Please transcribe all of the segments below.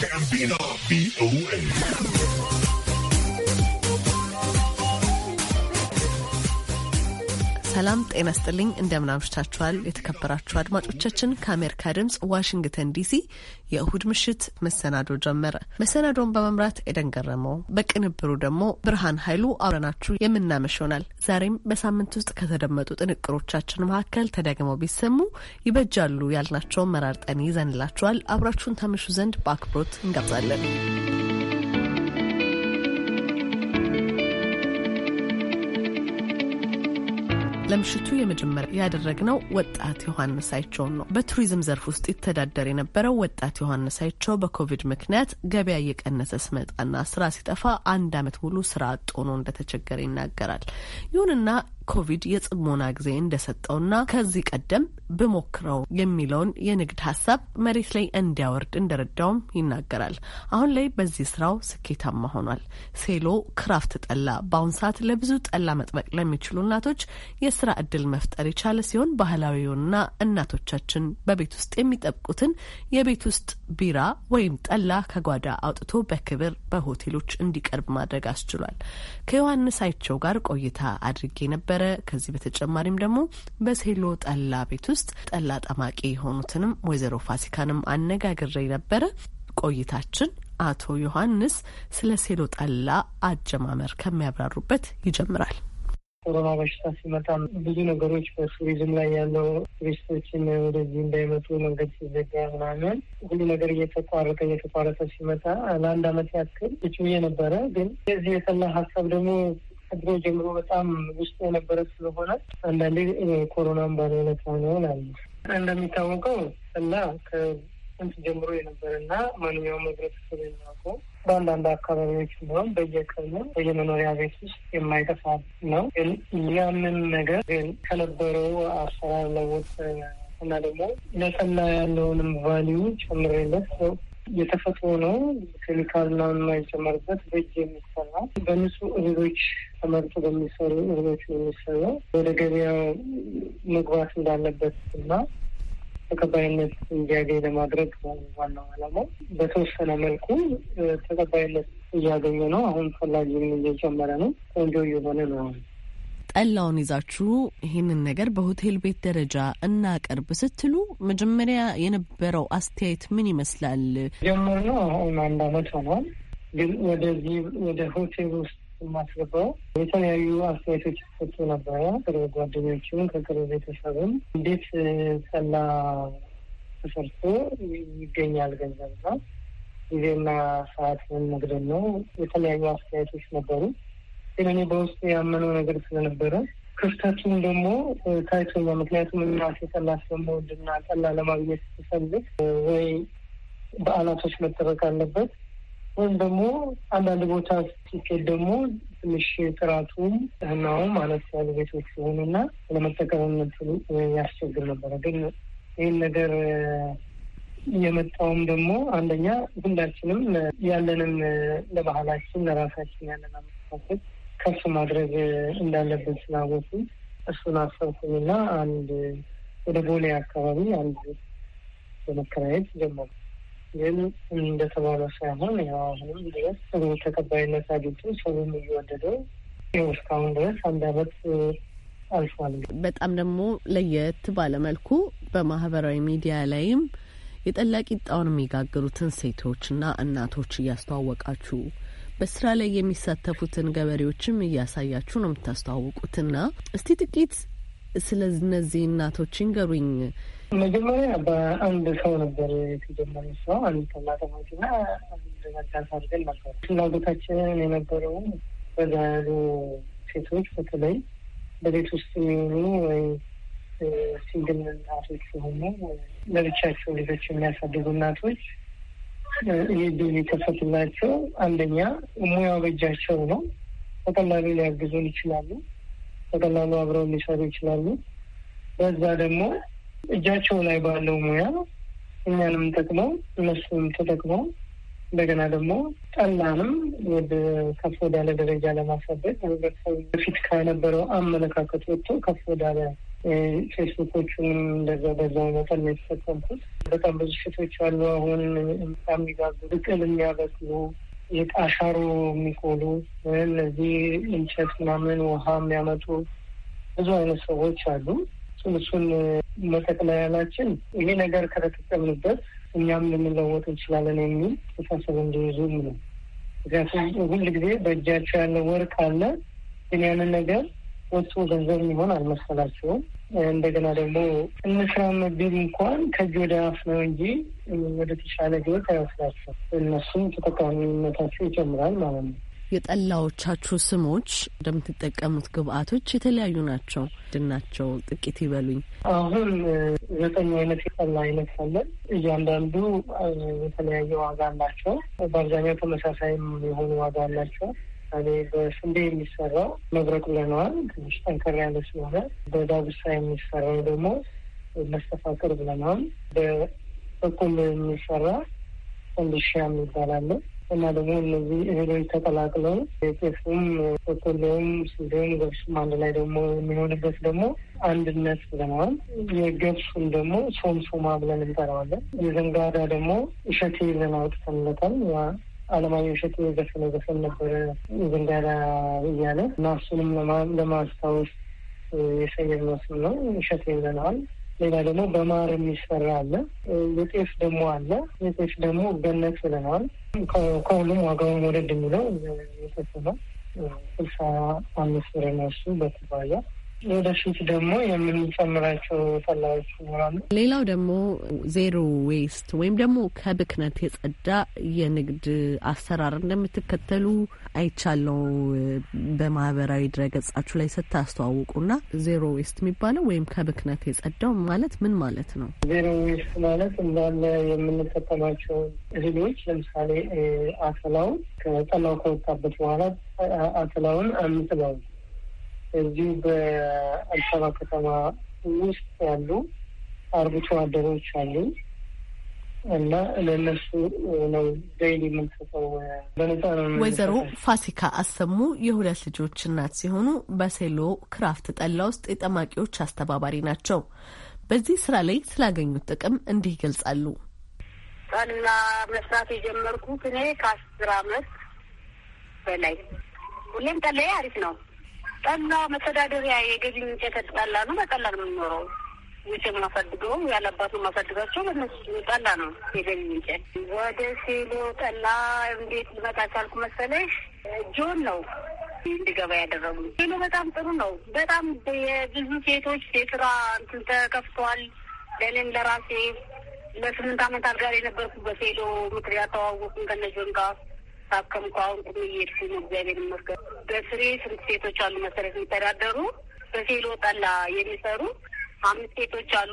Can't be be away. ሰላም ጤና ስጥልኝ። እንደምናምሽታችኋል የተከበራችሁ አድማጮቻችን። ከአሜሪካ ድምጽ ዋሽንግተን ዲሲ የእሁድ ምሽት መሰናዶ ጀመረ። መሰናዶውን በመምራት ኤደን ገረመው፣ በቅንብሩ ደግሞ ብርሃን ኃይሉ አብረናችሁ የምናመሽ ይሆናል። ዛሬም በሳምንት ውስጥ ከተደመጡ ጥንቅሮቻችን መካከል ተደግመው ቢሰሙ ይበጃሉ ያልናቸውን መራርጠን ይዘንላችኋል። አብራችሁን ታመሹ ዘንድ በአክብሮት እንጋብዛለን። ለምሽቱ የመጀመሪያ ያደረግነው ወጣት ዮሐንስ አይቸውን ነው። በቱሪዝም ዘርፍ ውስጥ ይተዳደር የነበረው ወጣት ዮሐንስ አይቸው በኮቪድ ምክንያት ገበያ እየቀነሰ ስመጣና ስራ ሲጠፋ አንድ አመት ሙሉ ስራ አጥ ሆኖ እንደተቸገረ ይናገራል። ይሁንና ኮቪድ የጽሞና ጊዜ እንደሰጠውና ከዚህ ቀደም ብሞክረው የሚለውን የንግድ ሀሳብ መሬት ላይ እንዲያወርድ እንደረዳውም ይናገራል። አሁን ላይ በዚህ ስራው ስኬታማ ሆኗል። ሴሎ ክራፍት ጠላ በአሁን ሰዓት ለብዙ ጠላ መጥመቅ ለሚችሉ እናቶች የስራ እድል መፍጠር የቻለ ሲሆን ባህላዊውና እናቶቻችን በቤት ውስጥ የሚጠብቁትን የቤት ውስጥ ቢራ ወይም ጠላ ከጓዳ አውጥቶ በክብር በሆቴሎች እንዲቀርብ ማድረግ አስችሏል። ከዮሐንስ አይቸው ጋር ቆይታ አድርጌ ነበረ። ነበረ። ከዚህ በተጨማሪም ደግሞ በሴሎ ጠላ ቤት ውስጥ ጠላ ጠማቂ የሆኑትንም ወይዘሮ ፋሲካንም አነጋግሬ ነበረ። ቆይታችን አቶ ዮሐንስ ስለ ሴሎ ጠላ አጀማመር ከሚያብራሩበት ይጀምራል። ኮሮና በሽታ ሲመጣ ብዙ ነገሮች በቱሪዝም ላይ ያለው ቱሪስቶችን ወደዚህ እንዳይመጡ መንገድ ሲዘጋ ምናምን ሁሉ ነገር እየተቋረጠ እየተቋረጠ ሲመጣ ለአንድ ዓመት ያክል እጩ ነበረ። ግን የዚህ የጠላ ሀሳብ ደግሞ ከድሮ ጀምሮ በጣም ውስጥ የነበረ ስለሆነ አንዳንዴ ኮሮናን ባለነት ሆነውን አለ እንደሚታወቀው እና ከጥንት ጀምሮ የነበረና ማንኛውም ህብረተሰብ የሚያውቀው በአንዳንድ አካባቢዎች ቢሆን በየቀኑ በየመኖሪያ ቤት ውስጥ የማይጠፋ ነው። ግን ያንን ነገር ግን ከነበረው አሰራር ለውጥ እና ደግሞ ለጠላ ያለውንም ቫሊዩ ጨምሬለት የተፈጥሮ ነው። ኬሚካል ምናምን የማይጨመርበት በእጅ የሚሰራ በንጹህ እህሎች ተመርጦ በሚሰሩ እህሎች የሚሰራው ወደ ገበያ መግባት እንዳለበት እና ተቀባይነት እንዲያገኝ ለማድረግ ዋናው ዓላማው በተወሰነ መልኩ ተቀባይነት እያገኘ ነው። አሁን ፈላጊም እየጨመረ ነው። ቆንጆ እየሆነ ነው። ጠላውን ይዛችሁ ይህንን ነገር በሆቴል ቤት ደረጃ እናቀርብ ስትሉ መጀመሪያ የነበረው አስተያየት ምን ይመስላል? ነው አሁን አንድ አመት ሆኗል። ግን ወደዚህ ወደ ሆቴል ውስጥ የማስገባው የተለያዩ አስተያየቶች ሰጡ ነበረ። ቅርብ ጓደኞችም ከቅርብ ቤተሰብም እንዴት ጠላ ተሰርቶ ይገኛል ገንዘብና ጊዜና ሰዓት ምን መግደል ነው የተለያዩ አስተያየቶች ነበሩ። እኔ በውስጥ ያመነው ነገር ስለነበረ ክፍተቱን ደግሞ ታይቶኛ። ምክንያቱም እናቴ ጠላ ስለምወድና ጠላ ለማግኘት ስፈልግ ወይ በዓላቶች መጠበቅ አለበት ወይም ደግሞ አንዳንድ ቦታ ሲኬድ ደግሞ ትንሽ ጥራቱም ህናውም ማለት ያሉ ቤቶች ሲሆኑ ሲሆኑና ለመጠቀምነት ያስቸግር ነበረ። ግን ይህን ነገር የመጣውም ደግሞ አንደኛ ሁላችንም ያለንን ለባህላችን ለራሳችን ያለን አመለካከት ከፍ ማድረግ እንዳለብን ስላወቁ እሱን ና አንድ ወደ ቦሌ አካባቢ አንድ በመከራየት ጀመሩ። ግን እንደተባለ ሳይሆን ያው አሁንም ድረስ ጥሩ ተቀባይነት አግኝቶ ሰውም እየወደደው ይኸው እስካሁን ድረስ አንድ አመት አልፏል። በጣም ደግሞ ለየት ባለመልኩ በማህበራዊ ሚዲያ ላይም የጠላ ቂጣውን የሚጋግሩትን ሴቶችና እናቶች እያስተዋወቃችሁ በስራ ላይ የሚሳተፉትን ገበሬዎችም እያሳያችሁ ነው የምታስተዋውቁትና እስቲ ጥቂት ስለ እነዚህ እናቶች ንገሩኝ። መጀመሪያ በአንድ ሰው ነበር የተጀመረ ሰው አንድ ተማተማችና አንድ መዳስ አድርገን ነበር። ፍላጎታችንን የነበረው በዛ ያሉ ሴቶች በተለይ በቤት ውስጥ የሚሆኑ ወይ ሲንግል እናቶች ሲሆኑ ለብቻቸው ልጆች የሚያሳድጉ እናቶች ይህድን የከፈትላቸው አንደኛ ሙያው በእጃቸው ነው። በቀላሉ ሊያግዙን ይችላሉ። በቀላሉ አብረው ሊሰሩ ይችላሉ። በዛ ደግሞ እጃቸው ላይ ባለው ሙያ እኛንም ጠቅመው እነሱንም ተጠቅመው እንደገና ደግሞ ጠላንም ወደ ከፍ ወዳለ ደረጃ ለማሳደግ ህብረተሰቡ በፊት ከነበረው አመለካከት ወጥቶ ከፍ ወዳለ ፌስቡኮቹንም እንደዛ በዛ መጠን ነው የተጠቀምኩት። በጣም ብዙ ሴቶች አሉ። አሁን የሚጋዙ ብቅል የሚያበቅሉ የጣሻሮ የሚቆሉ እነዚህ እንጨት ምናምን ውሃ የሚያመጡ ብዙ አይነት ሰዎች አሉ። እሱን መጠቅለያላችን ይሄ ነገር ከተጠቀምንበት እኛም ልንለወጥ እንችላለን የሚል ተሳሰብ እንዲይዙ ነው። ምክንያቱም ሁል ጊዜ በእጃቸው ያለ ወርቅ አለ ግን ያንን ነገር እሱ ገንዘብ የሚሆን አልመሰላቸውም። እንደገና ደግሞ እንስራም ቢል እንኳን ከእጅ ወደ አፍ ነው እንጂ ወደ ተሻለ ህይወት አይወስዳቸውም። እነሱም ተጠቃሚነታቸው ይጨምራል ማለት ነው። የጠላዎቻችሁ ስሞች እንደምትጠቀሙት ግብአቶች የተለያዩ ናቸው። ድናቸው ጥቂት ይበሉኝ። አሁን ዘጠኝ አይነት የጠላ አይነት አለን። እያንዳንዱ የተለያየ ዋጋ አላቸው። በአብዛኛው ተመሳሳይም የሆኑ ዋጋ አላቸው። ለምሳሌ በስንዴ የሚሰራው መብረቅ ብለነዋል፣ ትንሽ ጠንከር ያለ ስለሆነ። በዳጉሳ የሚሰራው ደግሞ መስተፋቅር ብለነዋል። በበቆሎ የሚሰራ ፈንዲሻ ይባላል። እና ደግሞ እነዚህ እህሎች ተቀላቅለው የጤፉም በቆሎም፣ ስንዴውም ገብሱም አንድ ላይ ደግሞ የሚሆንበት ደግሞ አንድነት ብለነዋል። የገብሱን ደግሞ ሶምሶማ ብለን እንጠራዋለን። የዘንጋዳ ደግሞ እሸቴ ብለን አውጥተንለታል። አለማየሁ እሸቴ ዘፈን ዘፈን ነበረ ግንዳላ እያለ እና እሱንም ለማስታወስ የሰየምነው ስም ነው እሸቴ ብለነዋል። ሌላ ደግሞ በማር የሚሰራ አለ። የጤፍ ደግሞ አለ። የጤፍ ደግሞ ገነት ብለነዋል። ከሁሉም ዋጋውን ወደድ የሚለው የጤፍ ነው። ስልሳ አምስት ብር ነው እሱ በኩባያ ወደፊት ደግሞ የምንጨምራቸው ሰላዎች ይኖራሉ። ሌላው ደግሞ ዜሮ ዌስት ወይም ደግሞ ከብክነት የጸዳ የንግድ አሰራር እንደምትከተሉ አይቻለው በማህበራዊ ድረገጻችሁ ላይ ስታስተዋውቁና ዜሮ ዌስት የሚባለው ወይም ከብክነት የጸዳው ማለት ምን ማለት ነው? ዜሮ ዌስት ማለት እንዳለ የምንጠቀማቸው እህሎች ለምሳሌ አተላውን ከጠላው ከወጣበት በኋላ አተላውን አንጥለውም እዚሁ በአዲስ አበባ ከተማ ውስጥ ያሉ አርብቶ አደሮች አሉ እና ለእነሱ ነው ዴይሊ የምንሰጠው በነጻ ነው። ወይዘሮ ፋሲካ አሰሙ የሁለት ልጆች እናት ሲሆኑ በሴሎ ክራፍት ጠላ ውስጥ የጠማቂዎች አስተባባሪ ናቸው። በዚህ ስራ ላይ ስላገኙት ጥቅም እንዲህ ይገልጻሉ። ጠላ መስራት የጀመርኩት እኔ ከአስር አመት በላይ ሁሌም ጠላዬ አሪፍ ነው ጠላ መተዳደሪያ የገቢ ምንጭ ጠላ ነው። በጠላ ነው የምኖረው። ውጭ የማፈልገው ያለባቱ ማፈልጋቸው በነሱ ጠላ ነው የገቢ ምንጭ። ወደ ሴሎ ጠላ እንዴት ልመጣ ቻልኩ መሰለሽ? ጆን ነው እንዲገባ ያደረጉ። ሴሎ በጣም ጥሩ ነው። በጣም የብዙ ሴቶች የስራ እንትን ተከፍቷል። ለእኔም ለራሴ ለስምንት አመት አልጋር የነበርኩ በሴሎ ምክር ያተዋወቁን ከነጆን ጋር ታከምኩ። አሁን ቁም እየሄድኩ ነው። እግዚአብሔር ይመስገን። በስሬ ስንት ሴቶች አሉ መሰረት የሚተዳደሩ በሴሎ ጠላ የሚሰሩ አምስት ሴቶች አሉ።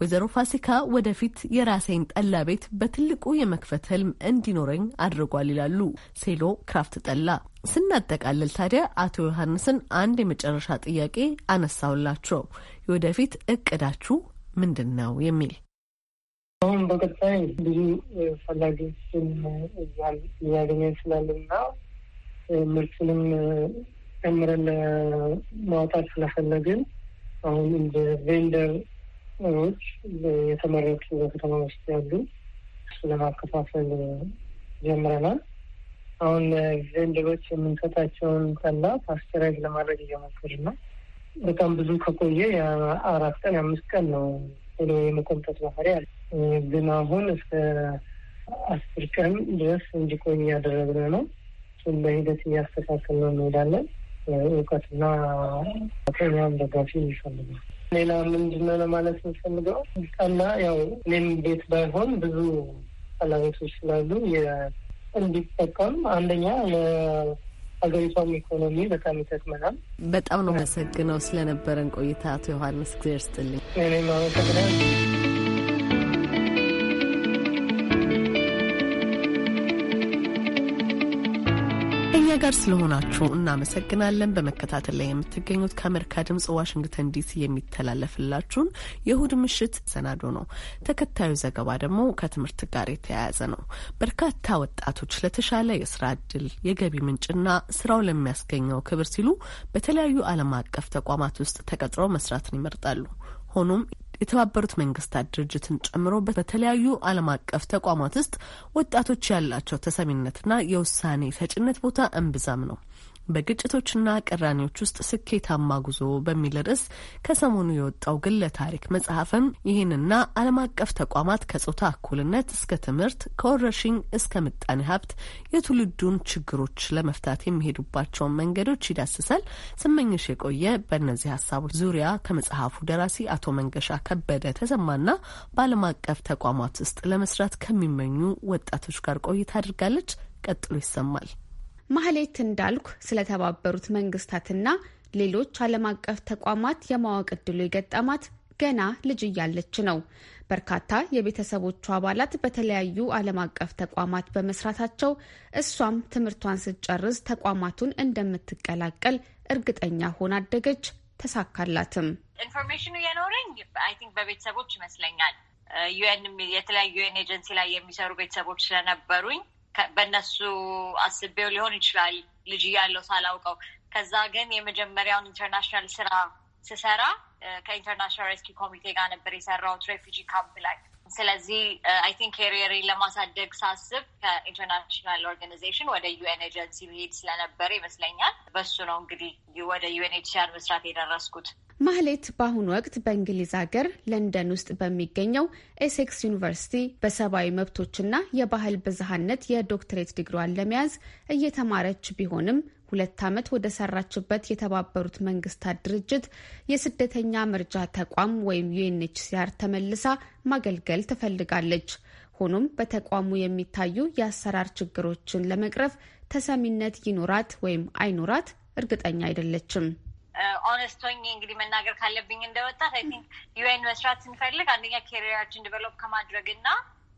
ወይዘሮ ፋሲካ ወደፊት የራሴን ጠላ ቤት በትልቁ የመክፈት ህልም እንዲኖረኝ አድርጓል ይላሉ። ሴሎ ክራፍት ጠላ ስናጠቃልል ታዲያ አቶ ዮሐንስን አንድ የመጨረሻ ጥያቄ አነሳውላቸው። የወደፊት እቅዳችሁ ምንድን ነው የሚል አሁን በቀጣይ ብዙ ፈላጊዎችን እዛም እያገኘ ስላለና ምርትንም ጨምረን ማውጣት ስለፈለግን አሁን እንደ ቬንደሮች የተመረቱ በከተማ ውስጥ ያሉ እሱ ለማከፋፈል ጀምረናል። አሁን ቬንደሮች የምንሰጣቸውን ጠላ ፓስቸራይዝ ለማድረግ እየሞከርን ነው። በጣም ብዙ ከቆየ የአራት ቀን የአምስት ቀን ነው ቶሎ የመቆምጠጥ ባህሪ አለ። ግን አሁን እስከ አስር ቀን ድረስ እንዲቆይ እያደረግን ነው። እሱን በሂደት እያስተካከልን እንሄዳለን። እውቀትና ከኛም ደጋፊ ይፈልጋል። ሌላ ምንድነው ለማለት የምፈልገው ጠላ ያው እኔም ቤት ባይሆን ብዙ ቀላቤቶች ስላሉ እንዲጠቀም አንደኛ ለሀገሪቷም ኢኮኖሚ በጣም ይጠቅመናል። በጣም ነው መሰግነው ስለነበረን ቆይታ አቶ ዮሐንስ። እግዚአብሔር ይስጥልኝ። እኔም አመሰግናለሁ። ጋር ስለሆናችሁ እናመሰግናለን። በመከታተል ላይ የምትገኙት ከአሜሪካ ድምጽ ዋሽንግተን ዲሲ የሚተላለፍላችሁን የእሁድ ምሽት ሰናዶ ነው። ተከታዩ ዘገባ ደግሞ ከትምህርት ጋር የተያያዘ ነው። በርካታ ወጣቶች ለተሻለ የስራ እድል፣ የገቢ ምንጭና ስራው ለሚያስገኘው ክብር ሲሉ በተለያዩ ዓለም አቀፍ ተቋማት ውስጥ ተቀጥረው መስራትን ይመርጣሉ። ሆኖም የተባበሩት መንግስታት ድርጅትን ጨምሮ በተለያዩ ዓለም አቀፍ ተቋማት ውስጥ ወጣቶች ያላቸው ተሰሚነትና የውሳኔ ሰጭነት ቦታ እምብዛም ነው። በግጭቶችና ቅራኔዎች ውስጥ ስኬታማ ጉዞ በሚል ርዕስ ከሰሞኑ የወጣው ግለ ታሪክ መጽሐፍም ይህንና ዓለም አቀፍ ተቋማት ከጾታ እኩልነት እስከ ትምህርት ከወረርሽኝ እስከ ምጣኔ ሀብት የትውልዱን ችግሮች ለመፍታት የሚሄዱባቸውን መንገዶች ይዳስሳል። ስመኝሽ የቆየ በእነዚህ ሀሳቦች ዙሪያ ከመጽሐፉ ደራሲ አቶ መንገሻ ከበደ ተሰማና በዓለም አቀፍ ተቋማት ውስጥ ለመስራት ከሚመኙ ወጣቶች ጋር ቆይታ አድርጋለች። ቀጥሎ ይሰማል። ማህሌት እንዳልኩ ስለተባበሩት መንግስታትና ሌሎች ዓለም አቀፍ ተቋማት የማወቅ እድሉ የገጠማት ገና ልጅ እያለች ነው። በርካታ የቤተሰቦቹ አባላት በተለያዩ ዓለም አቀፍ ተቋማት በመስራታቸው እሷም ትምህርቷን ስትጨርስ ተቋማቱን እንደምትቀላቀል እርግጠኛ ሆና አደገች። ተሳካላትም። ኢንፎርሜሽኑ የኖረኝ አይ ቲንክ በቤተሰቦች ይመስለኛል። ዩኤን የተለያዩ ዩኤን ኤጀንሲ ላይ የሚሰሩ ቤተሰቦች ስለነበሩኝ በእነሱ አስቤው ሊሆን ይችላል ልጅ ያለው ሳላውቀው። ከዛ ግን የመጀመሪያውን ኢንተርናሽናል ስራ ስሰራ ከኢንተርናሽናል ሬስኪ ኮሚቴ ጋር ነበር የሰራሁት ሬፊጂ ካምፕ ላይ ስለዚህ አይ uh, ቲንክ ለማሳደግ ሳስብ ከኢንተርናሽናል ኦርጋናይዜሽን ወደ ዩኤን ኤጀንሲ መሄድ ስለነበረ ይመስለኛል በሱ ነው እንግዲህ ወደ ዩኤንኤችሲአር መስራት የደረስኩት። ማህሌት በአሁኑ ወቅት በእንግሊዝ ሀገር ለንደን ውስጥ በሚገኘው ኤሴክስ ዩኒቨርሲቲ በሰብአዊ መብቶችና የባህል ብዝሃነት የዶክትሬት ዲግሪዋን ለመያዝ እየተማረች ቢሆንም ሁለት ዓመት ወደ ሰራችበት የተባበሩት መንግስታት ድርጅት የስደተኛ መርጃ ተቋም ወይም ዩኤንኤችሲአር ተመልሳ ማገልገል ትፈልጋለች። ሆኖም በተቋሙ የሚታዩ የአሰራር ችግሮችን ለመቅረፍ ተሰሚነት ይኖራት ወይም አይኖራት እርግጠኛ አይደለችም። ኦነስቶኝ እንግዲህ መናገር ካለብኝ እንደወጣት አይ ቲንክ ዩኤን መስራት ስንፈልግ አንደኛ ኬሪያችን ዲቨሎፕ ከማድረግ እና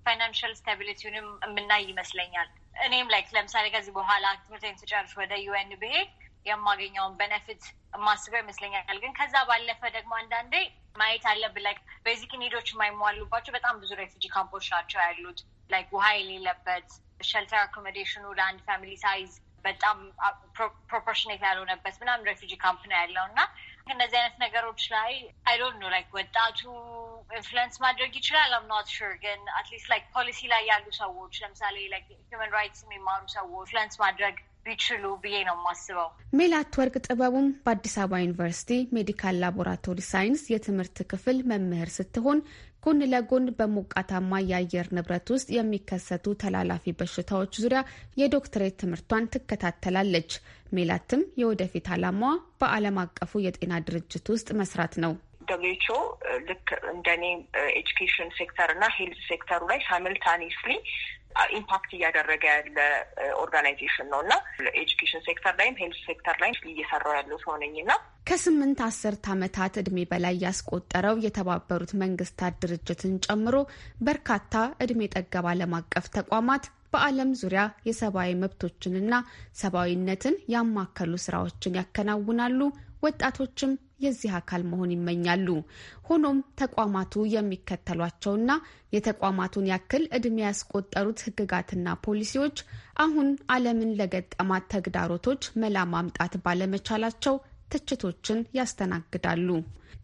ፋይናንሽል ስታቢሊቲውንም የምናይ ይመስለኛል። እኔም ላይክ ለምሳሌ ከዚህ በኋላ ትምህርቴን ስጨርስ ወደ ዩኤን ብሄድ የማገኘውን በነፊት የማስበው ይመስለኛል። ግን ከዛ ባለፈ ደግሞ አንዳንዴ ማየት አለብን ላይክ ቤዚክ ኒዶች የማይሟሉባቸው በጣም ብዙ ሬፊጂ ካምፖች ናቸው ያሉት ላይክ ውሃ የሌለበት ሸልተር አኮሞዴሽኑ ለአንድ ፋሚሊ ሳይዝ በጣም ፕሮፖርሽኔት ያልሆነበት ምናምን ሬፊጂ ካምፕ ነው ያለው እና እነዚህ አይነት ነገሮች ላይ አይዶንት ኖ ላይክ ወጣቱ ኢንፍሉዌንስ ማድረግ ይችላል። አም ኖት ሹር ግን አትሊስት ላይክ ፖሊሲ ላይ ያሉ ሰዎች ለምሳሌ ላይክ ሂውመን ራይትስ የሚማሩ ሰዎች ኢንፍሉዌንስ ማድረግ ቢችሉ ብዬ ነው የማስበው። ሜላት ወርቅ ጥበቡም በአዲስ አበባ ዩኒቨርሲቲ ሜዲካል ላቦራቶሪ ሳይንስ የትምህርት ክፍል መምህር ስትሆን ጎን ለጎን በሞቃታማ የአየር ንብረት ውስጥ የሚከሰቱ ተላላፊ በሽታዎች ዙሪያ የዶክትሬት ትምህርቷን ትከታተላለች። ሜላትም የወደፊት ዓላማዋ በዓለም አቀፉ የጤና ድርጅት ውስጥ መስራት ነው። ደብሊው ኤች ኦ ልክ እንደኔ ኤጁኬሽን ሴክተር እና ሄልት ሴክተሩ ላይ ሳምልታኒስሊ ኢምፓክት uh, እያደረገ ያለ ኦርጋናይዜሽን uh, ነው እና ኤጁኬሽን ሴክተር ላይም ሄልት ሴክተር ላይ እየሰራው ያለው ሰው ነኝ እና ከስምንት አስርት ዓመታት እድሜ በላይ ያስቆጠረው የተባበሩት መንግስታት ድርጅትን ጨምሮ በርካታ እድሜ ጠገብ ዓለም አቀፍ ተቋማት በዓለም ዙሪያ የሰብአዊ መብቶችንና ሰብአዊነትን ያማከሉ ስራዎችን ያከናውናሉ ወጣቶችም የዚህ አካል መሆን ይመኛሉ። ሆኖም ተቋማቱ የሚከተሏቸውና የተቋማቱን ያክል እድሜ ያስቆጠሩት ህግጋትና ፖሊሲዎች አሁን ዓለምን ለገጠማት ተግዳሮቶች መላ ማምጣት ባለመቻላቸው ትችቶችን ያስተናግዳሉ።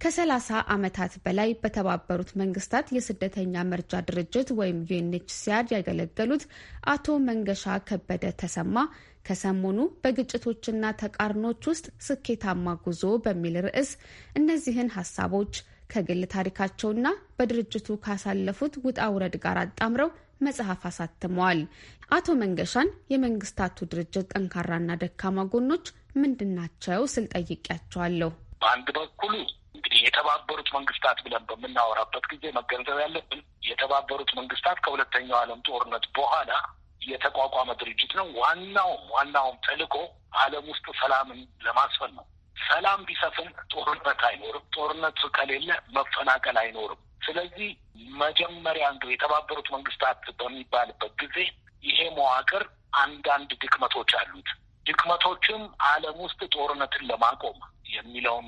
ከ30 ዓመታት በላይ በተባበሩት መንግስታት የስደተኛ መርጃ ድርጅት ወይም ዩኤንኤችሲአር ያገለገሉት አቶ መንገሻ ከበደ ተሰማ ከሰሞኑ በግጭቶችና ተቃርኖች ውስጥ ስኬታማ ጉዞ በሚል ርዕስ እነዚህን ሀሳቦች ከግል ታሪካቸውና በድርጅቱ ካሳለፉት ውጣ ውረድ ጋር አጣምረው መጽሐፍ አሳትመዋል። አቶ መንገሻን የመንግስታቱ ድርጅት ጠንካራና ደካማ ጎኖች ምንድናቸው ስል ጠይቄያቸዋለሁ። በአንድ በኩሉ እንግዲህ የተባበሩት መንግስታት ብለን በምናወራበት ጊዜ መገንዘብ ያለብን የተባበሩት መንግስታት ከሁለተኛው ዓለም ጦርነት በኋላ የተቋቋመ ድርጅት ነው። ዋናውም ዋናውም ተልዕኮ ዓለም ውስጥ ሰላምን ለማስፈን ነው። ሰላም ቢሰፍን ጦርነት አይኖርም። ጦርነት ከሌለ መፈናቀል አይኖርም። ስለዚህ መጀመሪያ እንግዲህ የተባበሩት መንግስታት በሚባልበት ጊዜ ይሄ መዋቅር አንዳንድ ድክመቶች አሉት። ድክመቶችም ዓለም ውስጥ ጦርነትን ለማቆም የሚለውን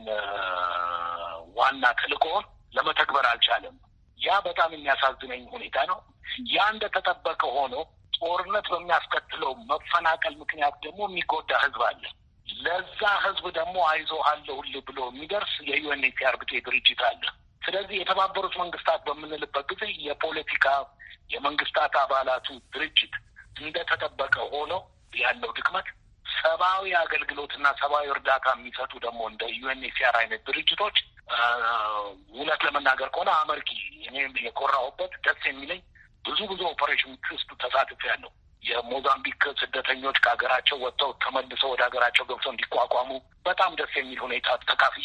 ዋና ተልዕኮውን ለመተግበር አልቻለም። ያ በጣም የሚያሳዝነኝ ሁኔታ ነው። ያ እንደተጠበቀ ሆኖ ጦርነት በሚያስከትለው መፈናቀል ምክንያት ደግሞ የሚጎዳ ህዝብ አለ። ለዛ ህዝብ ደግሞ አይዞ አለሁልህ ብሎ የሚደርስ የዩኤንኤችሲአር ብጤ ድርጅት አለ። ስለዚህ የተባበሩት መንግስታት በምንልበት ጊዜ የፖለቲካ የመንግስታት አባላቱ ድርጅት እንደተጠበቀ ሆኖ ያለው ድክመት ሰብአዊ አገልግሎትና ሰብአዊ እርዳታ የሚሰጡ ደግሞ እንደ ዩኤንኤችሲአር አይነት ድርጅቶች እውነት ለመናገር ከሆነ አመርቂ እኔም የኮራሁበት ደስ የሚለኝ ብዙ ብዙ ኦፐሬሽኖች ውስጥ ያለው። የሞዛምቢክ ስደተኞች ከሀገራቸው ወጥተው ተመልሰው ወደ ሀገራቸው ገብተው እንዲቋቋሙ በጣም ደስ የሚል ሁኔታ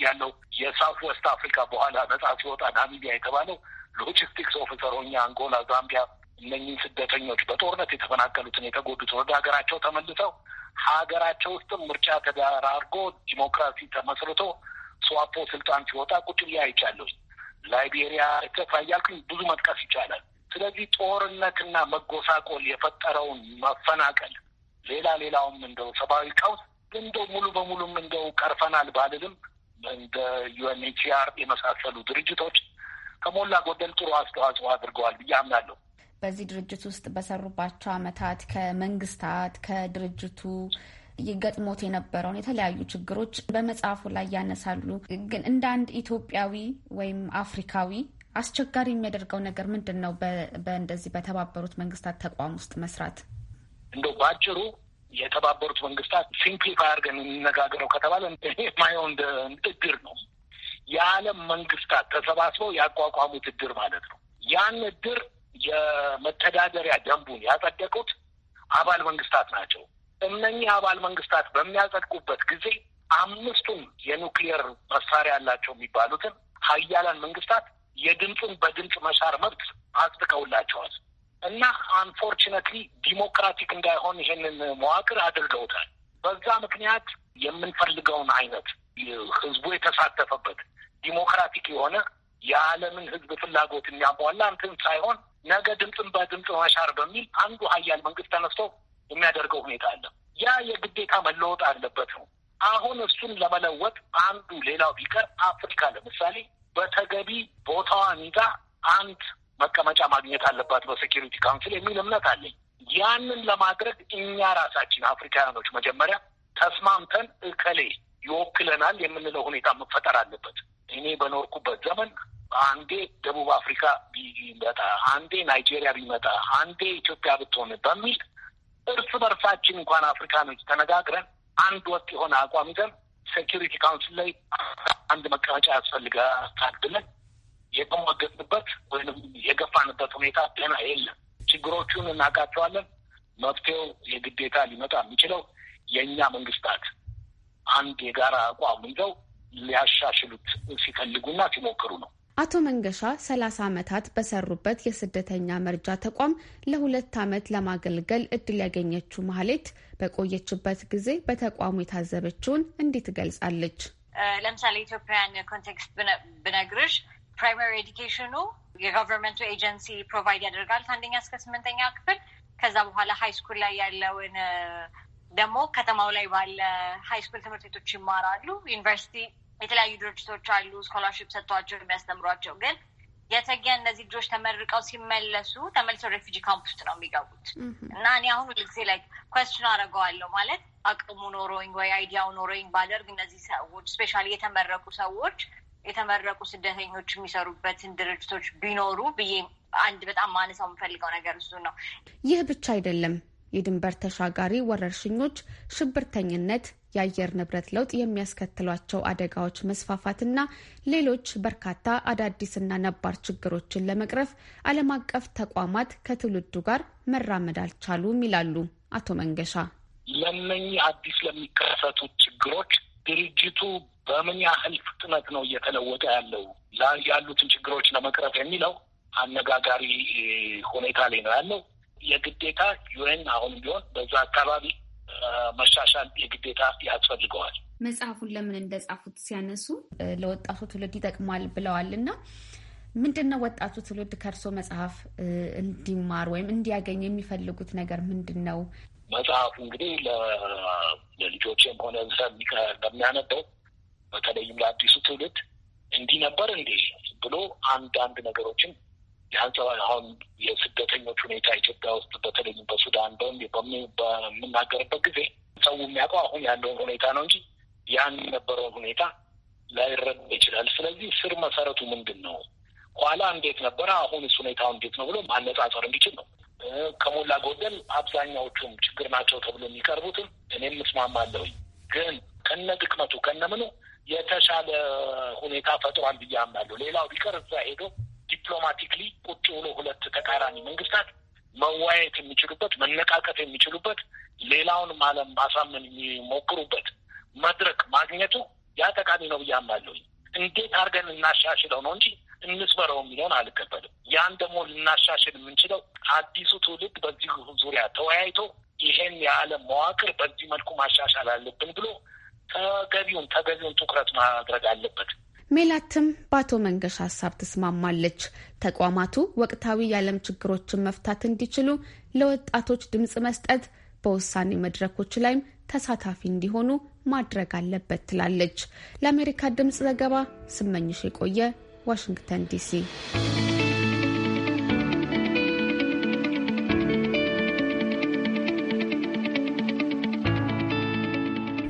ያለው የሳውት ዌስት አፍሪካ በኋላ ነጻ ሲወጣ ናሚቢያ የተባለው ሎጂስቲክስ ኦፊሰር ሆኜ አንጎላ፣ ዛምቢያ እነኝም ስደተኞች በጦርነት የተፈናቀሉትን የተጎዱት ወደ ሀገራቸው ተመልሰው ሀገራቸው ውስጥም ምርጫ ተደራርጎ ዲሞክራሲ ተመስርቶ ስዋፖ ስልጣን ሲወጣ ቁጭ ብዬ አይቻለሁ። ላይቤሪያ እተፋ እያልኩኝ ብዙ መጥቀስ ይቻላል። ስለዚህ ጦርነትና መጎሳቆል የፈጠረውን መፈናቀል፣ ሌላ ሌላውም እንደው ሰብአዊ ቀውስ እንደው ሙሉ በሙሉም እንደው ቀርፈናል ባልልም እንደ ዩኤንኤችሲአር የመሳሰሉ ድርጅቶች ከሞላ ጎደል ጥሩ አስተዋጽኦ አድርገዋል ብዬ አምናለሁ። በዚህ ድርጅት ውስጥ በሰሩባቸው አመታት ከመንግስታት ከድርጅቱ ይገጥሞት የነበረውን የተለያዩ ችግሮች በመጽሐፉ ላይ ያነሳሉ። ግን እንደ አንድ ኢትዮጵያዊ ወይም አፍሪካዊ አስቸጋሪ የሚያደርገው ነገር ምንድን ነው? በእንደዚህ በተባበሩት መንግስታት ተቋም ውስጥ መስራት እንደው በአጭሩ የተባበሩት መንግስታት ሲምፕሊፋይ አድርገን የሚነጋገረው ከተባለ እኔ እድር ነው። የዓለም መንግስታት ተሰባስበው ያቋቋሙት እድር ማለት ነው። ያን እድር የመተዳደሪያ ደንቡን ያጸደቁት አባል መንግስታት ናቸው። እነኚህ አባል መንግስታት በሚያጸድቁበት ጊዜ አምስቱም የኑክሊየር መሳሪያ ያላቸው የሚባሉትን ሀያላን መንግስታት የድምፁን በድምፅ መሻር መብት አጽድቀውላቸዋል እና አንፎርችነትሊ ዲሞክራቲክ እንዳይሆን ይሄንን መዋቅር አድርገውታል። በዛ ምክንያት የምንፈልገውን አይነት ህዝቡ የተሳተፈበት ዲሞክራቲክ የሆነ የዓለምን ሕዝብ ፍላጎት የሚያሟላ እንትን ሳይሆን ነገ ድምፅን በድምፅ መሻር በሚል አንዱ ሀያል መንግስት ተነስቶ የሚያደርገው ሁኔታ አለ። ያ የግዴታ መለወጥ አለበት ነው። አሁን እሱን ለመለወጥ አንዱ ሌላው ቢቀር አፍሪካ ለምሳሌ በተገቢ ቦታዋን ይዛ አንድ መቀመጫ ማግኘት አለባት በሴኪሪቲ ካውንስል የሚል እምነት አለኝ። ያንን ለማድረግ እኛ ራሳችን አፍሪካውያኖች መጀመሪያ ተስማምተን እከሌ ይወክለናል የምንለው ሁኔታ መፈጠር አለበት። እኔ በኖርኩበት ዘመን አንዴ ደቡብ አፍሪካ ቢመጣ፣ አንዴ ናይጄሪያ ቢመጣ፣ አንዴ ኢትዮጵያ ብትሆን በሚል እርስ በርሳችን እንኳን አፍሪካኖች ተነጋግረን አንድ ወጥ የሆነ አቋም ይዘን ሴኪሪቲ ካውንስል ላይ አንድ መቀመጫ ያስፈልጋል ታድለን የተሟገጥንበት ወይም የገፋንበት ሁኔታ ጤና የለም። ችግሮቹን እናውቃቸዋለን። መፍትሄው የግዴታ ሊመጣ የሚችለው የእኛ መንግስታት አንድ የጋራ አቋም ይዘው ሊያሻሽሉት ሲፈልጉና ሲሞክሩ ነው። አቶ መንገሻ ሰላሳ ዓመታት በሰሩበት የስደተኛ መርጃ ተቋም ለሁለት ዓመት ለማገልገል እድል ያገኘችው ማህሌት በቆየችበት ጊዜ በተቋሙ የታዘበችውን እንዲህ ትገልጻለች። ለምሳሌ ኢትዮጵያን ኮንቴክስት ብነግርሽ ፕራይማሪ ኤዲኬሽኑ የጋቨርንመንቱ ኤጀንሲ ፕሮቫይድ ያደርጋል ከአንደኛ እስከ ስምንተኛ ክፍል። ከዛ በኋላ ሃይስኩል ላይ ያለውን ደግሞ ከተማው ላይ ባለ ሃይስኩል ትምህርት ቤቶች ይማራሉ። ዩኒቨርሲቲ የተለያዩ ድርጅቶች አሉ ስኮላርሽፕ ሰጥቷቸው የሚያስተምሯቸው። ግን የተገ እነዚህ ልጆች ተመርቀው ሲመለሱ ተመልሰው ሬፊጂ ካምፕ ውስጥ ነው የሚገቡት እና እኔ አሁን ጊዜ ላይ ኮስችን አደርገዋለሁ ማለት አቅሙ ኖሮኝ ወይ አይዲያው ኖሮኝ ባደርግ እነዚህ ሰዎች ስፔሻሊ የተመረቁ ሰዎች የተመረቁ ስደተኞች የሚሰሩበትን ድርጅቶች ቢኖሩ ብዬ አንድ በጣም ማነሳው የምፈልገው ነገር እሱ ነው። ይህ ብቻ አይደለም። የድንበር ተሻጋሪ ወረርሽኞች፣ ሽብርተኝነት፣ የአየር ንብረት ለውጥ የሚያስከትሏቸው አደጋዎች መስፋፋትና ሌሎች በርካታ አዳዲስና ነባር ችግሮችን ለመቅረፍ ዓለም አቀፍ ተቋማት ከትውልዱ ጋር መራመድ አልቻሉም ይላሉ አቶ መንገሻ። ለእነኚህ አዲስ ለሚከሰቱት ችግሮች ድርጅቱ በምን ያህል ፍጥነት ነው እየተለወጠ ያለው ያሉትን ችግሮች ለመቅረፍ የሚለው አነጋጋሪ ሁኔታ ላይ ነው ያለው። የግዴታ ዩኤን አሁንም ቢሆን በዛ አካባቢ መሻሻል የግዴታ ያስፈልገዋል። መጽሐፉን ለምን እንደጻፉት ሲያነሱ ለወጣቱ ትውልድ ይጠቅማል ብለዋል እና ምንድን ነው ወጣቱ ትውልድ ከእርሶ መጽሐፍ እንዲማር ወይም እንዲያገኝ የሚፈልጉት ነገር ምንድን ነው? መጽሐፉ እንግዲህ ለልጆቼም ሆነ ለሚያነበው በተለይም ለአዲሱ ትውልድ እንዲህ ነበር እንዴ ብሎ አንዳንድ ነገሮችን የአንጻር አሁን የስደተኞች ሁኔታ ኢትዮጵያ ውስጥ በተለይ በሱዳን በምናገርበት ጊዜ ሰው የሚያውቀው አሁን ያለውን ሁኔታ ነው እንጂ ያን የነበረውን ሁኔታ ላይረዳ ይችላል። ስለዚህ ስር መሰረቱ ምንድን ነው፣ ኋላ እንዴት ነበረ፣ አሁን እሱ ሁኔታው እንዴት ነው ብሎ ማነጻጸር እንዲችል ነው። ከሞላ ጎደል አብዛኛዎቹም ችግር ናቸው ተብሎ የሚቀርቡትም እኔም እስማማለሁኝ። ግን ከነ ድክመቱ ከነምኑ የተሻለ ሁኔታ ፈጥሯል ብዬ አምናለሁ። ሌላው ቢቀር እዛ ሄዶ ዲፕሎማቲክሊ ቁጭ ብሎ ሁለት ተቃራኒ መንግስታት መወያየት የሚችሉበት መነቃቀፍ የሚችሉበት ሌላውን ዓለም ማሳመን የሚሞክሩበት መድረክ ማግኘቱ ያ ጠቃሚ ነው ብዬ አምናለሁ። እንዴት አድርገን እናሻሽለው ነው እንጂ እንስበረው የሚለውን አልቀበልም። ያን ደግሞ ልናሻሽል የምንችለው አዲሱ ትውልድ በዚህ ዙሪያ ተወያይቶ ይሄን የዓለም መዋቅር በዚህ መልኩ ማሻሻል አለብን ብሎ ተገቢውን ተገቢውን ትኩረት ማድረግ አለበት። ሜላትም በአቶ መንገሻ ሀሳብ ትስማማለች። ተቋማቱ ወቅታዊ የዓለም ችግሮችን መፍታት እንዲችሉ ለወጣቶች ድምፅ መስጠት፣ በውሳኔ መድረኮች ላይም ተሳታፊ እንዲሆኑ ማድረግ አለበት ትላለች። ለአሜሪካ ድምፅ ዘገባ ስመኝሽ የቆየ ዋሽንግተን ዲሲ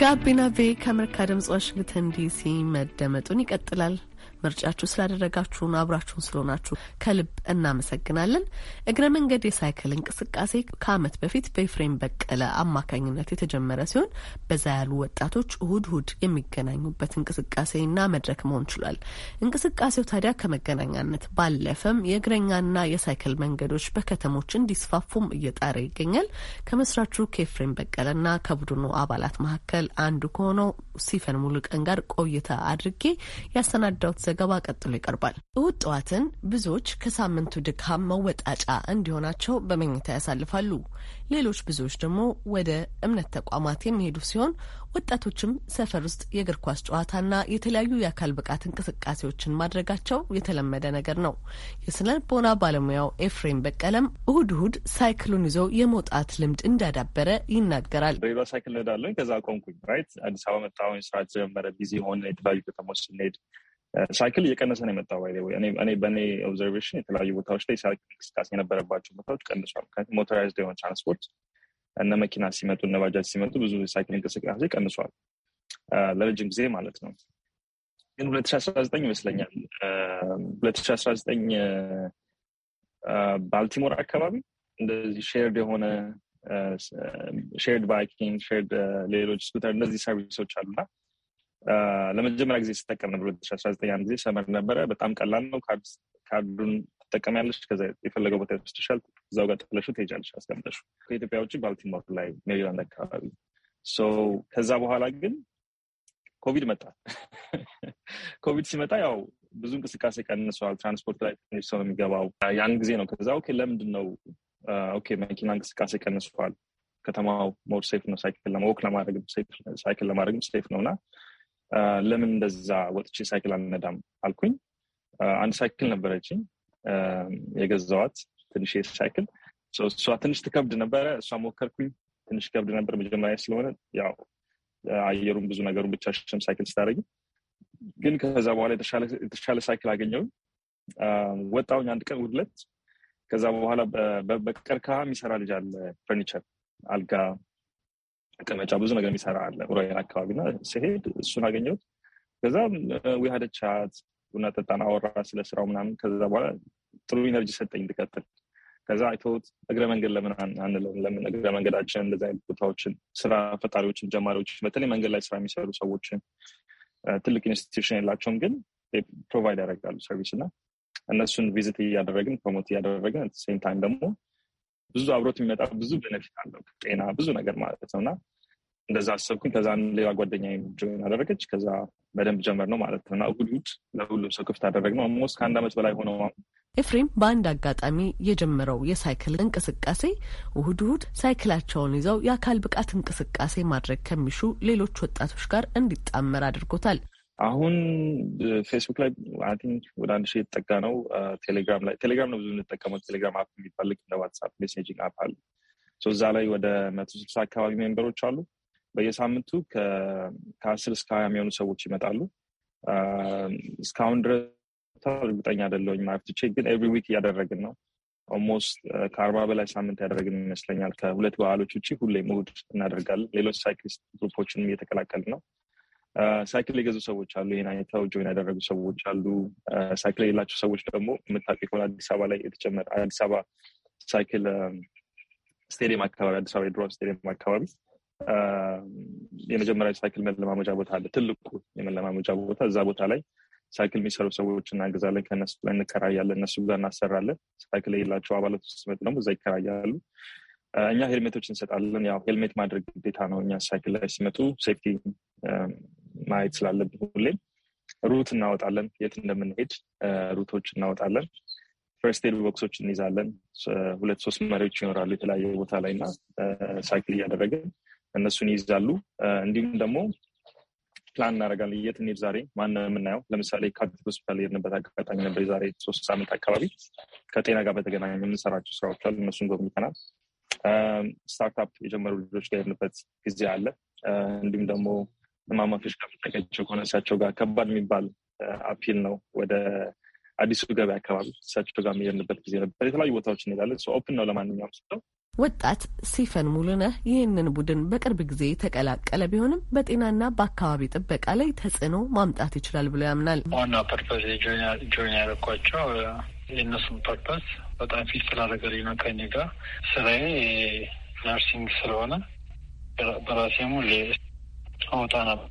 ጋቢና ቬ ከአሜሪካ ድምጽ ዋሽንግተን ዲሲ መደመጡን ይቀጥላል። ምርጫችሁ ስላደረጋችሁን አብራችሁን ስለሆናችሁ ከልብ እናመሰግናለን። እግረ መንገድ የሳይክል እንቅስቃሴ ከአመት በፊት በኤፍሬም በቀለ አማካኝነት የተጀመረ ሲሆን በዛ ያሉ ወጣቶች እሁድ እሁድ የሚገናኙበት እንቅስቃሴና መድረክ መሆን ችሏል። እንቅስቃሴው ታዲያ ከመገናኛነት ባለፈም የእግረኛና የሳይክል መንገዶች በከተሞች እንዲስፋፉም እየጣረ ይገኛል። ከመስራቹ ከኤፍሬም በቀለና ከቡድኑ አባላት መካከል አንዱ ከሆነው ሲፈን ሙሉቀን ጋር ቆይታ አድርጌ ያሰናዳውት ዘገባ ቀጥሎ ይቀርባል። እሁድ ጠዋትን ብዙዎች ከሳምንቱ ድካም መወጣጫ እንዲሆናቸው በመኝታ ያሳልፋሉ። ሌሎች ብዙዎች ደግሞ ወደ እምነት ተቋማት የሚሄዱ ሲሆን ወጣቶችም ሰፈር ውስጥ የእግር ኳስ ጨዋታና የተለያዩ የአካል ብቃት እንቅስቃሴዎችን ማድረጋቸው የተለመደ ነገር ነው። የስነ ልቦና ባለሙያው ኤፍሬም በቀለም እሁድ እሁድ ሳይክሉን ይዞ የመውጣት ልምድ እንዳዳበረ ይናገራል። ሪቨር ሳይክል እንሄዳለን። ከዛ ቆምኩኝ። ራይት አዲስ አበባ መጣሁኝ። ስራ ተጀመረ። ቢዚ ሆነ። የተለያዩ ከተሞች ስንሄድ ሳይክል እየቀነሰ ነው የመጣው። ባይ እኔ በእኔ ኦብዘርቬሽን የተለያዩ ቦታዎች ላይ ሳይክል እንቅስቃሴ የነበረባቸው ቦታዎች ቀንሷል። ምክንያቱም ሞተራይዝድ የሆነ ትራንስፖርት እነ መኪና ሲመጡ እነ ባጃጅ ሲመጡ ብዙ ሳይክል እንቅስቃሴ ቀንሷል ለረጅም ጊዜ ማለት ነው። ግን ሁለት ሺ አስራ ዘጠኝ ይመስለኛል ሁለት ሺ አስራ ዘጠኝ ባልቲሞር አካባቢ እንደዚህ ሼርድ የሆነ ሼርድ ባይኪንግ ሼርድ ሌሎች ስኩተር እነዚህ ሰርቪሶች አሉና ለመጀመሪያ ጊዜ ስጠቀም ነበር። ሁለት ሺህ ጊዜ ሰመር ነበረ። በጣም ቀላል ነው። ካርዱን ትጠቀሚያለሽ፣ ከዛ የፈለገው ቦታ ስትሻል እዛው ጋር ጥለሹ ትሄጃለሽ፣ አስቀምጠሹ። ከኢትዮጵያ ውጭ ባልቲሞር ላይ ሜሪላንድ አካባቢ። ከዛ በኋላ ግን ኮቪድ መጣ። ኮቪድ ሲመጣ ያው ብዙ እንቅስቃሴ ቀንሰዋል። ትራንስፖርት ላይ ትንሽ ሰው ነው የሚገባው። ያን ጊዜ ነው ከዛ ኦኬ ለምንድን ነው ኦኬ መኪና እንቅስቃሴ ቀንሰዋል። ከተማው ሞር ሴፍ ነው። ሳይክል ለማድረግ ሳይክል ለማድረግም ሴፍ ነው እና ለምን እንደዛ ወጥቼ ሳይክል አልነዳም አልኩኝ። አንድ ሳይክል ነበረችኝ የገዛዋት ትንሽ ሳይክል፣ እሷ ትንሽ ትከብድ ነበረ። እሷ ሞከርኩኝ፣ ትንሽ ከብድ ነበር መጀመሪያ ስለሆነ ያው አየሩን ብዙ ነገሩን ብቻሽን ሳይክል ስታደረግ ግን ከዛ በኋላ የተሻለ ሳይክል አገኘው ወጣውኝ አንድ ቀን ሁለት ከዛ በኋላ በቀርከሃ የሚሰራ ልጅ አለ፣ ፈርኒቸር አልጋ፣ መቀመጫ ብዙ ነገር የሚሰራ አለ ሮያን አካባቢ እና ሲሄድ እሱን አገኘሁት። ከዛም ዊሃደ ቻት ቡና ጠጣን፣ አወራ ስለ ስራው ምናምን። ከዛ በኋላ ጥሩ ኢነርጂ ሰጠኝ እንድቀጥል። ከዛ አይቶት እግረ መንገድ ለምን አንለውም? ለምን እግረ መንገዳችን እንደዚ አይነት ቦታዎችን ስራ ፈጣሪዎችን፣ ጀማሪዎችን፣ በተለይ መንገድ ላይ ስራ የሚሰሩ ሰዎችን ትልቅ ኢንስቲትዩሽን የላቸውም፣ ግን ፕሮቫይድ ያደርጋሉ ሰርቪስ እና እነሱን ቪዚት እያደረግን ፕሮሞት እያደረግን ሴም ታይም ደግሞ ብዙ አብሮት የሚመጣ ብዙ ቤነፊት አለው ጤና፣ ብዙ ነገር ማለት ነው እና እንደዛ አሰብኩኝ። ከዛ ሌላ ጓደኛ ጆይን አደረገች። ከዛ በደንብ ጀመር ነው ማለት ነው እና እሑድ እሑድ ለሁሉም ሰው ክፍት አደረግ ነው ሞስ ከአንድ አመት በላይ ሆነ ኤፍሬም በአንድ አጋጣሚ የጀመረው የሳይክል እንቅስቃሴ እሑድ እሑድ ሳይክላቸውን ይዘው የአካል ብቃት እንቅስቃሴ ማድረግ ከሚሹ ሌሎች ወጣቶች ጋር እንዲጣመር አድርጎታል። አሁን ፌስቡክ ላይ አይ ቲንክ ወደ አንድ ሺህ የተጠጋ ነው። ቴሌግራም ላይ ቴሌግራም ነው ብዙ የምንጠቀመው። ቴሌግራም አፕ የሚፈልግ እንደ ዋትሳፕ ሜሴጂንግ አፕ አለ። እዛ ላይ ወደ መቶ ስልሳ አካባቢ ሜምበሮች አሉ። በየሳምንቱ ከአስር እስከ ሀያ የሚሆኑ ሰዎች ይመጣሉ። እስካሁን ድረስ እርግጠኛ አይደለሁኝ ማለትቼ፣ ግን ኤቭሪ ዊክ እያደረግን ነው። ኦልሞስት ከአርባ በላይ ሳምንት ያደረግን ይመስለኛል። ከሁለት በዓሎች ውጭ ሁሌም እሑድ እናደርጋለን። ሌሎች ሳይክሊስት ግሩፖችንም እየተቀላቀልን ነው። ሳይክል የገዙ ሰዎች አሉ። ይህን አይተው ጆይን ያደረጉ ሰዎች አሉ። ሳይክል የሌላቸው ሰዎች ደግሞ የምታውቂ ከሆነ አዲስ አበባ ላይ የተጨመረ አዲስ አበባ ሳይክል ስቴዲየም አካባቢ አዲስ አበባ የድሮ ስቴዲየም አካባቢ የመጀመሪያ ሳይክል መለማመጃ ቦታ አለ። ትልቁ የመለማመጃ ቦታ እዛ ቦታ ላይ ሳይክል የሚሰሩ ሰዎች እናገዛለን። ከነሱ ላይ እንከራያለን። እነሱ ጋር እናሰራለን። ሳይክል የሌላቸው አባላት ውስጥ ሲመጡ ደግሞ እዛ ይከራያሉ። እኛ ሄልሜቶች እንሰጣለን። ያው ሄልሜት ማድረግ ግዴታ ነው። እኛ ሳይክል ላይ ሲመጡ ሴፍቲ ማየት ስላለብን ሁሌም ሩት እናወጣለን። የት እንደምንሄድ ሩቶች እናወጣለን። ፈርስት ኤድ ቦክሶች እንይዛለን። ሁለት ሶስት መሪዎች ይኖራሉ የተለያየ ቦታ ላይ እና ሳይክል እያደረግን እነሱን ይይዛሉ። እንዲሁም ደግሞ ፕላን እናደርጋለን። የት እንሂድ ዛሬ ማን የምናየው? ለምሳሌ ካርዲፍ ሆስፒታል የሄድንበት አጋጣሚ ነበር። የዛሬ ሶስት ሳምንት አካባቢ ከጤና ጋር በተገናኘ የምንሰራቸው ስራዎች አሉ። እነሱን ጎብኝተናል። ስታርታፕ የጀመሩ ልጆች ጋር የሄድንበት ጊዜ አለ። እንዲሁም ደግሞ ማማቶች ከምጠቀቸው ከሆነ እሳቸው ጋር ከባድ የሚባል አፒል ነው ወደ አዲሱ ገበያ አካባቢ እሳቸው ጋር የሚሄድንበት ጊዜ ነበር። የተለያዩ ቦታዎች እንሄዳለን። ኦፕን ነው ለማንኛውም ሰው። ወጣት ሲፈን ሙሉነህ ይህንን ቡድን በቅርብ ጊዜ የተቀላቀለ ቢሆንም በጤናና በአካባቢ ጥበቃ ላይ ተጽዕኖ ማምጣት ይችላል ብሎ ያምናል። ዋና ፐርፐስ ጆይን ያደረኳቸው የእነሱን ፐርፐስ በጣም ፊት ስላደረገልኝ ነው። ጋር ስራዬ ናርሲንግ ስለሆነ በራሴ አወጣ ነበር።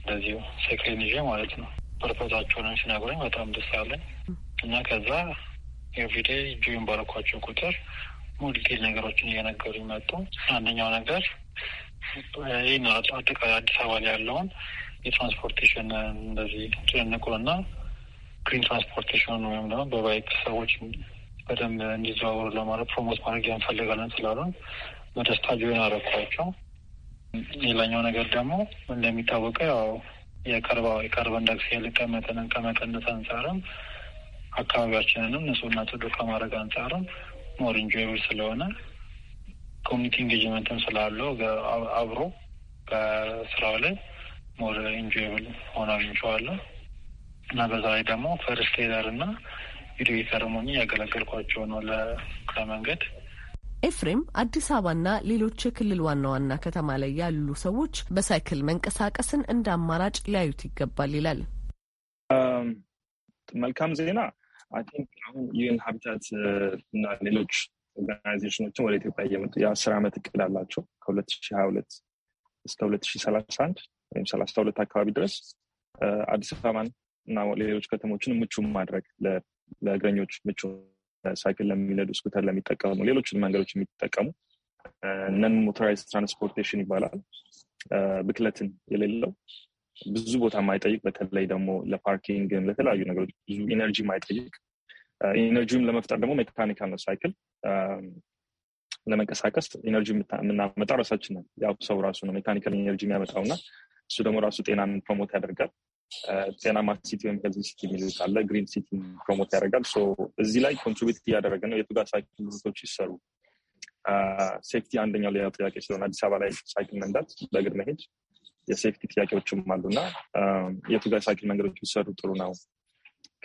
እንደዚሁ ሳይክሌን ይዤ ማለት ነው። ፐርፖዛቸውንም ሲነግሩኝ በጣም ደስ አለኝ እና ከዛ ኤቭሪዴ ጆይን ባረኳቸው ቁጥር ሞዲቴል ነገሮችን እየነገሩ ይመጡ። አንደኛው ነገር ይህ አጠቃላይ አዲስ አበባ ላይ ያለውን የትራንስፖርቴሽን እንደዚህ እና ግሪን ትራንስፖርቴሽን ወይም ደግሞ በባይክ ሰዎች በደንብ እንዲዘዋወሩ ለማድረግ ፕሮሞት ማድረግ እንፈልጋለን ስላሉን በደስታ ጆይን አረኳቸው። ሌላኛው ነገር ደግሞ እንደሚታወቀው ያው የከርባው የካርቦን ዳይኦክሳይድ መጠንን ከመቀነስ አንጻርም አካባቢያችንንም ንጹህና ጽዱ ከማድረግ አንጻርም ሞር ኢንጆይብል ስለሆነ ኮሚኒቲ ኢንጌጅመንትም ስላለው አብሮ በስራው ላይ ሞር ኢንጆይብል ሆኖ አግኝቼዋለሁ እና በዛ ላይ ደግሞ ፈርስት ኤደር እና ቪዲዮ ሰርሞኒ ያገለገልኳቸው ነው ለክፍለ መንገድ ኤፍሬም አዲስ አበባና ሌሎች የክልል ዋና ዋና ከተማ ላይ ያሉ ሰዎች በሳይክል መንቀሳቀስን እንደ አማራጭ ሊያዩት ይገባል ይላል። መልካም ዜና አሁን ይህን ሀቢታት እና ሌሎች ኦርጋናይዜሽኖችን ወደ ኢትዮጵያ እየመጡ የአስር ዓመት እቅድ አላቸው ከ2022 እስከ 2031 ወይም 32 አካባቢ ድረስ አዲስ አበባን እና ሌሎች ከተሞችን ምቹ ማድረግ ለእግረኞች ምቹ ሳይክል ለሚነዱ፣ ስኩተር ለሚጠቀሙ፣ ሌሎችን መንገዶች የሚጠቀሙ ነን ሞተራይዝ ትራንስፖርቴሽን ይባላል። ብክለትን የሌለው ብዙ ቦታ ማይጠይቅ በተለይ ደግሞ ለፓርኪንግ ለተለያዩ ነገሮች ብዙ ኢነርጂ ማይጠይቅ ኢነርጂውን ለመፍጠር ደግሞ ሜካኒካል ነው። ሳይክል ለመንቀሳቀስ ኢነርጂ የምናመጣው ራሳችን ነው። ያው ሰው ራሱ ነው ሜካኒካል ኢነርጂ የሚያመጣው እና እሱ ደግሞ ራሱ ጤናን ፕሮሞት ያደርጋል። ጤናማ ሲቲ ወይም ሄልዝ ሲቲ የሚሉት አለ። ግሪን ሲቲ ፕሮሞት ያደርጋል። እዚህ ላይ ኮንትሪቢዩት እያደረገ ነው። የቱጋ ሳይክል ሩቶች ይሰሩ። ሴፍቲ አንደኛው ሌላ ጥያቄ ስለሆነ አዲስ አበባ ላይ ሳይክል መንዳት፣ በእግር መሄድ የሴፍቲ ጥያቄዎችም አሉ የቱጋ ሳይክል መንገዶች ይሰሩ ጥሩ ነው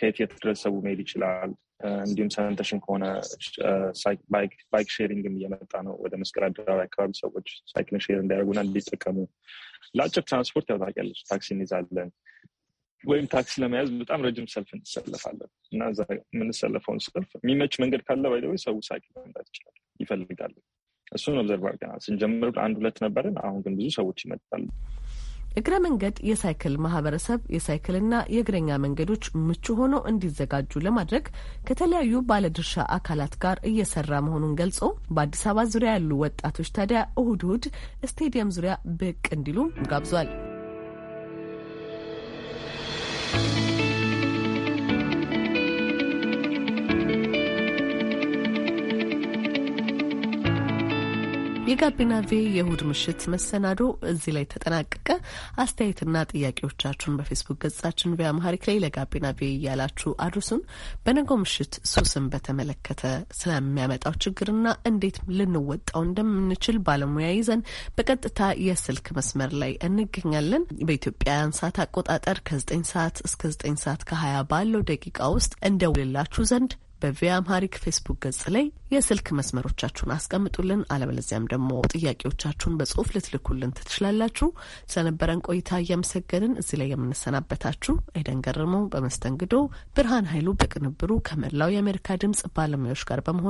ከየት የት ድረስ ሰው መሄድ ይችላል። እንዲሁም ሰንተሽን ከሆነ ባይክ ሼሪንግም እየመጣ ነው። ወደ መስቀል አደባባይ አካባቢ ሰዎች ሳይክል ሼር እንዳያደርጉና እንዲጠቀሙ። ለአጭር ትራንስፖርት ያው ታውቂያለሽ፣ ታክሲ እንይዛለን ወይም ታክሲ ለመያዝ በጣም ረጅም ሰልፍ እንሰለፋለን እና እዛ የምንሰለፈውን ሰልፍ የሚመች መንገድ ካለ ባይደወ ሰው ሳይክል መምጣት ይችላል ይፈልጋል። እሱን ኦብዘርቭ አድርገናል። ስንጀምር አንድ ሁለት ነበርን። አሁን ግን ብዙ ሰዎች ይመጣሉ። እግረ መንገድ የሳይክል ማህበረሰብ የሳይክልና የእግረኛ መንገዶች ምቹ ሆኖ እንዲዘጋጁ ለማድረግ ከተለያዩ ባለድርሻ አካላት ጋር እየሰራ መሆኑን ገልጾ በአዲስ አበባ ዙሪያ ያሉ ወጣቶች ታዲያ እሁድ እሁድ ስቴዲየም ዙሪያ ብቅ እንዲሉ ጋብዟል። የጋቢና ቪ የእሁድ ምሽት መሰናዶ እዚህ ላይ ተጠናቀቀ። አስተያየትና ጥያቄዎቻችሁን በፌስቡክ ገጻችን ቪ አማሪክ ላይ ለጋቢና ቪ እያላችሁ አድርሱን። በነገው ምሽት ሱስን በተመለከተ ስለሚያመጣው ችግርና እንዴት ልንወጣው እንደምንችል ባለሙያ ይዘን በቀጥታ የስልክ መስመር ላይ እንገኛለን። በኢትዮጵያውያን ሰዓት አቆጣጠር ከ9 ሰዓት እስከ 9 ሰዓት ከ20 ባለው ደቂቃ ውስጥ እንደውልላችሁ ዘንድ በቪኦኤ አምሃሪክ ፌስቡክ ገጽ ላይ የስልክ መስመሮቻችሁን አስቀምጡልን። አለበለዚያም ደግሞ ጥያቄዎቻችሁን በጽሁፍ ልትልኩልን ትችላላችሁ። ስለነበረን ቆይታ እያመሰገንን እዚህ ላይ የምንሰናበታችሁ ኤደን ገርመው በመስተንግዶ ብርሃን ኃይሉ በቅንብሩ ከመላው የአሜሪካ ድምጽ ባለሙያዎች ጋር በመሆን